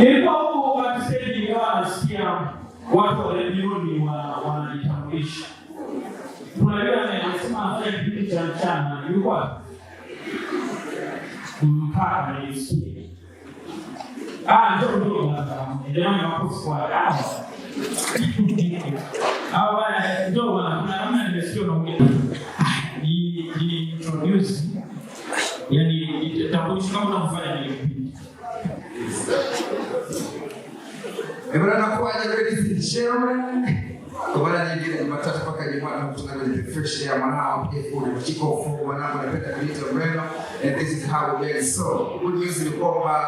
Nilikuwa huko kwa stendi nasikia watu wa redio wanajitambulisha. Unajua anasema afanye kipindi cha mchana ilikuwa mpaka nisikie. Ah, ndio ndio jamani makofi kwa dawa. Ah, eh, ndio wana kuna namna nimesikia unaongea. kutoka kwenye fresh air, mwanao pia kuna kikofu, mwanangu anapenda kuita mreno, and this is how we learn. So good news ni kwamba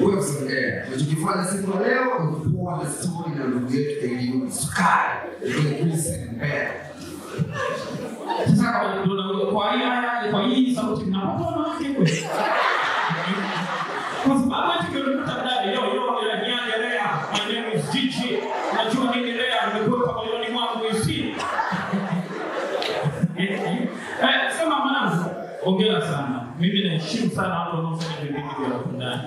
wewe usiongee unachokifanya siku ya leo, unakuwa na story na ndugu yetu Eliud Sukari, ndio kuisi mbele sasa. Kwa hiyo kwa hii sauti mnapata wanawake kweli? sana. Mimi naheshimu sana watu wanaofanya vipindi vya wapendani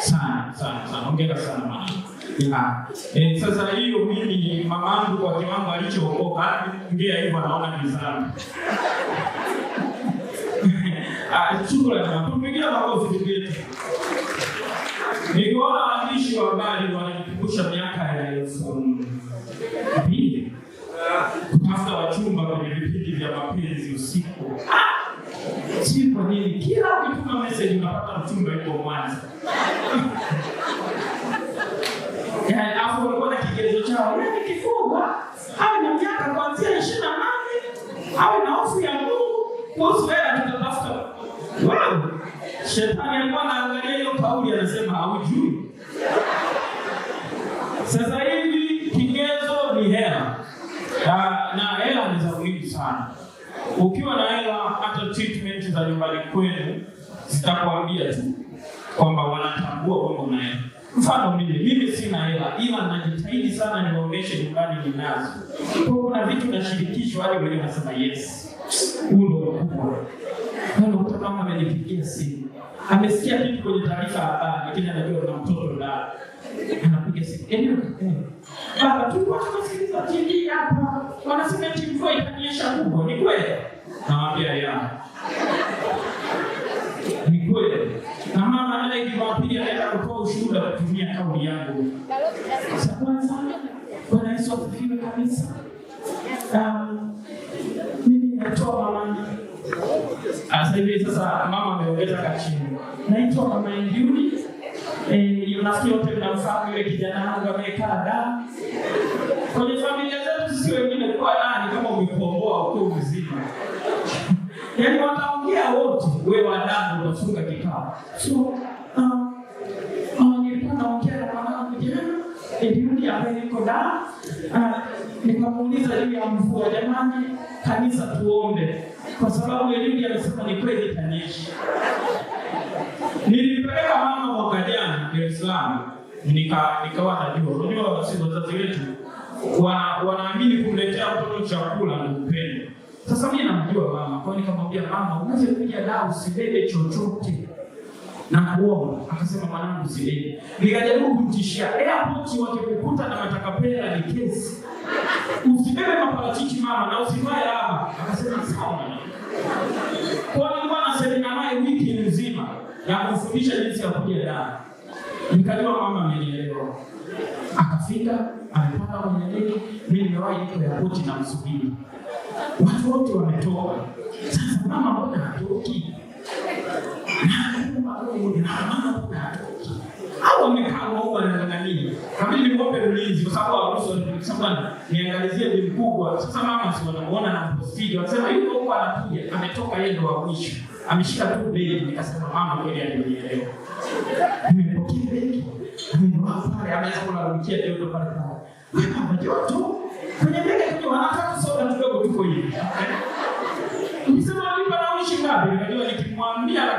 sana sana sana, ongera sana maana eh, sasa hiyo mimi mamangu kwa kiwango alichookoka ngia hivyo anaona ni sana. Ah, shukrani, tupigia makofi kidogo. Nikiona waandishi wa habari wanatupigia nini, kila ukituma message unapata mchumba yuko Mwanza. Yaani eh, afu walikuwa na kigezo chao, mimi kifungwa au na miaka kuanzia 28 au na hofu ya Mungu kuhusu hela tutatafuta. Wow. Shetani alikuwa anaangalia hiyo kauli anasema haujui. Sasa hivi kigezo ni hela. Ah, na hela ni za muhimu sana. Ukiwa na hela, hata treatment za nyumbani kwenu zitakwambia tu kwamba wanatambua kwamba una hela. Mfano mimi, mimi sina hela, ila najitahidi sana niwaonyeshe nyumbani ninazo. Kwa kuna vitu nashirikishwa hadi wewe nasema yes. Huo ndio mkubwa. Ndio mtu kama amenipigia simu. Amesikia kitu kwenye taarifa habari, ah, lakini anajua kuna mtoto ndani. Anapiga simu. Yaani, eh, baba, tulikuwa tunasema kubwa, ni kweli. Nawaambia ya ni kweli, na mama leo Jumapili anaenda kutoa ushuhuda kutumia kauli yangu. Sasa kwanza, Bwana Yesu afiwe kabisa. Um, mimi natoa mama ah, sasa sasa mama ameongeza kachini, naitwa mama Njuni. Eh, nafikiri mnamfahamu yule kijana wangu amekaa da kwenye familia zetu, sisi wengine kwa So nilikuwa naongea na mwanangu jana, nilirudi ambaye niko da, nikamuuliza juu ya mvua. Jamani kanisa, tuombe kwa sababu Eliudi amesema ni kweli itanyesha. Nilimpeleka mama mwaka jana Dar es Salaam, nikawa najua, unajua wazazi wetu wanaamini kumletea mtoto chakula na upendo. Sasa mi namjua mama, kwa nikamwambia mama, unaweza kuja da usibebe chochote na kuomba, akasema mwanangu zileni. Nikajaribu kumtishia airport, wakikukuta na matakapela ni kesi, usibebe maparachichi mama na usivae laba. Akasema sawa mwanangu. Kwa nilikuwa nasemina naye wiki nzima ya kumfundisha jinsi ya kuja dawa, nikajua mama amenielewa. Akafika amepata kwenye ndege, mimi nimewahi iko airport na msubiri, watu wote wametoka. Sasa mama mbona hatoki? au wamekaa huko na nini? Kabidi niombe ulinzi kwa sababu hawaruhusu kwa sababu niangalizie bibi mkubwa. Sasa mama si wanamuona na postiji wanasema yuko huko anakuja, ametoka yeye ndo wa mwisho. Ameshika tu begi, nikasema mama kweli alinielewa. Nimepokea begi. Nimewafare ameweza kulalamikia leo pale pale. Mama joto. Kwenye begi kuna wanataka soda kidogo tuko hivi. Nisema alipa na mshi ngapi? Unajua nikimwambia la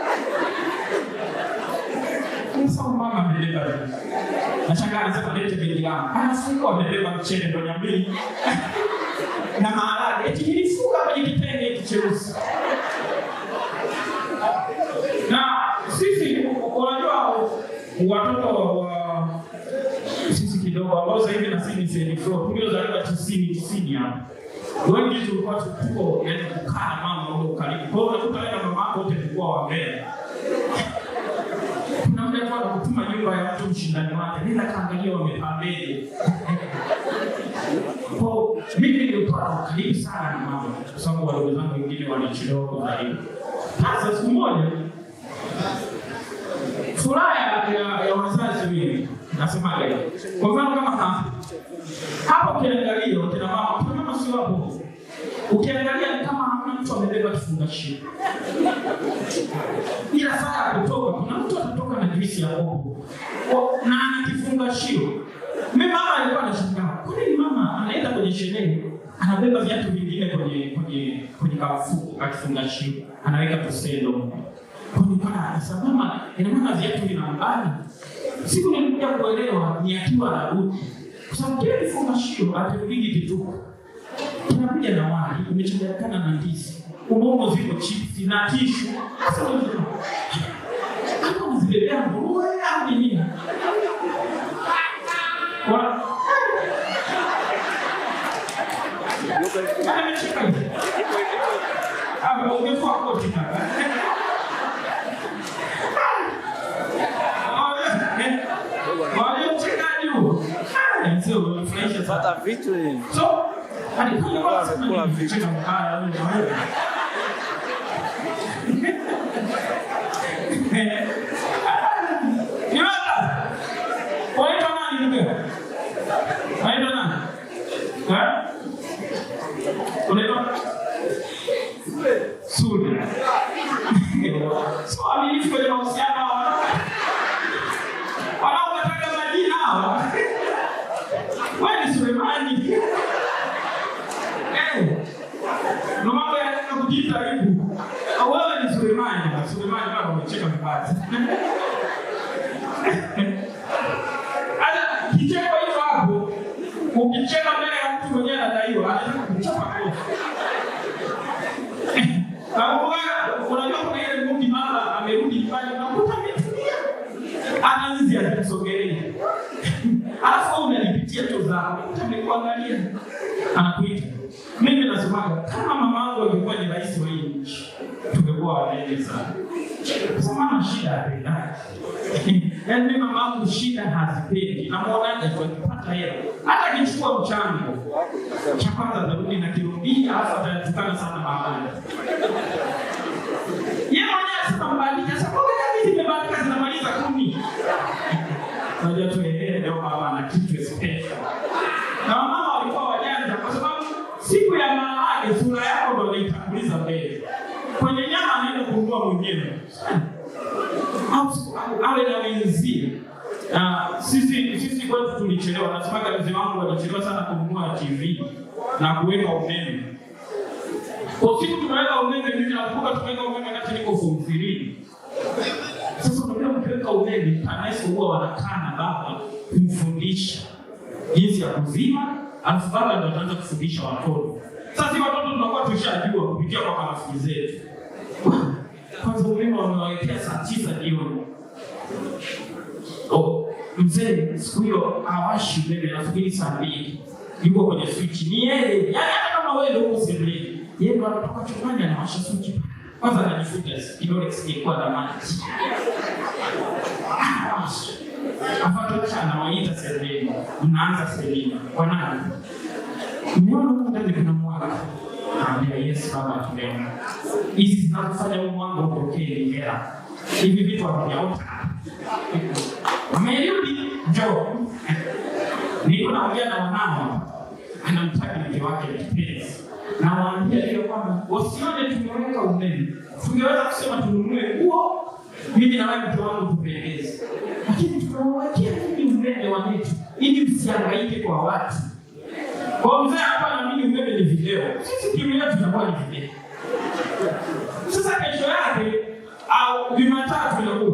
mama amebeba. Nashangaa anasema lete begi langu. Anasuka amebeba mchele ndo nyambili. Na maharage eti nilifuka kwenye kitenge hiki cheusi. Na sisi unajua watoto wa sisi kidogo ambao sasa hivi na sisi ni senior tuliozaliwa tisini tisini hapo. Wengi tulikuwa tuko yani kukaa na mama au karibu. Kwa hiyo unakuta wewe mama wote tulikuwa wambea kutupa nyumba ya mtu mshindani wake, nenda kaangalia wamepameje. Kwa mimi nilikuwa karibu sana na mama, kwa sababu wadogo zangu wengine wanachidogo zaidi. Sasa siku moja furaha ya ya wazazi wengi nasemaga hivi. Kwa mfano kama hapa hapo, ukiangalia kina mama, kuna mama si wapo, ukiangalia kama hamna mtu amebeba kifungashio, ila saa ya kutoa juisi ya Mungu. Na anakifungashio. Mimi mama alikuwa anashangaa. Kwa nini mama anaenda kwenye sherehe anabeba viatu vingine kwenye kwenye kwenye kafuku kakifungashio. Anaweka tusendo. Kwa nini kwa sababu mama ina maana viatu vina mbali. Siku nilikuja kuelewa ni akiwa na anarudi. Kwa sababu kile kifungashio atapigi kituko. Tunakuja na wali, umechanganyikana na ndizi. Umongo ziko chipsi na tishu. Sasa Ungekuwa koti Pata vitu. So, alikuwa anakula vitu. Ah, Superman, you're not going to chicken and fries. shida hazipendi. Namuonaje akipata hela, hata akichukua mchango cha kwanza tarudi na kirudia, hasa atatukana sana baadaye. Yeye mwenyewe asema mbadilika, sababu mimi nimebadilika, zinamaliza kumi. Unajua tu yeye leo baba ana kitu special. Na mama walikuwa wajanja kwa sababu siku ya maana sura yako ndio inaitanguliza mbele. Kwenye nyama anaenda kununua mwingine Au awe na wenzie na sisi sisi kwetu tulichelewa, nasema mzee wangu walichelewa sana kununua TV na kuweka umeme. Kwa siku tumeweka umeme, mimi nakumbuka tumeweka umeme wakati niko form 3. Sasa unajua kuweka umeme, anaisi huwa wanakaa na baba kumfundisha jinsi ya kuzima, alafu baba ndo anaanza kufundisha watoto. Sasa watoto tunakuwa tushajua kupitia kwa marafiki zetu. Kwanza umeme wamewawekea saa tisa jioni. Oh, mzee siku hiyo hawashi umeme, nafikiri saa mbili yuko kwenye switch. ni yeye yani, hata kama wewe ndio uko yeye ndio anatoka chumbani anawasha switch kwanza, anajifuta kidole kisingekuwa na maji afadhalisha, anawaita sehemu, mnaanza sehemu kwa nani? Niona huko ndani kuna mwanga. Naambia Yesu Baba tumeona. Hizi zinakufanya huu mwanga upokee ni hela. Hivi vitu havijaota. Umerudi njoo. Niko naongea na wanao, anamtaka mke wake kipenzi. Na waambia ile kwamba wasione tumeweka umeme. Tungeweza kusema tununue nguo, mimi na wewe mtu wangu tupendeze. Lakini tumewekea mimi umeme wa mtu ili msihangaike kwa watu. Kwa mzee hapa na mimi umeme ni video. Sisi kimya tunakuwa ni video. Sasa kesho yake au Jumatatu inakuwa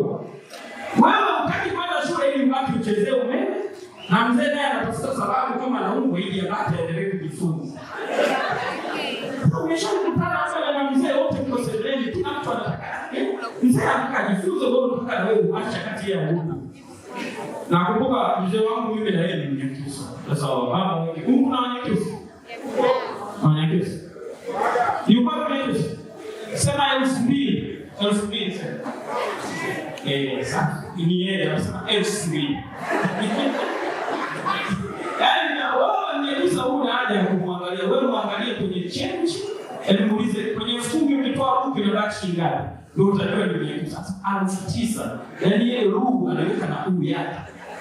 na mzee naye anatafuta sababu kama anaumwa ili apate endelee kujifunza. Umeshakutana hasa na mzee, wote mko sebuleni, kila mtu anataka mzee anataka jifunze, wewe unataka na wewe uacha kati ya Mungu. Nakumbuka mzee wangu mimi na yeye ni Mnyakyusa. Sasa mama wengi huko na Mnyakyusa. Mnyakyusa. Yuko na Mnyakyusa. Sema elfu mbili, elfu mbili. Eh, sasa ni yeye anasema elfu mbili. Hebu muulize kwenye elfu kumi ukitoa buku inabaki shilingi ngapi? Ndio utajua ni mwenye kusasa. Elfu tisa. Yaani yeye ruhu anaweka na uu yake.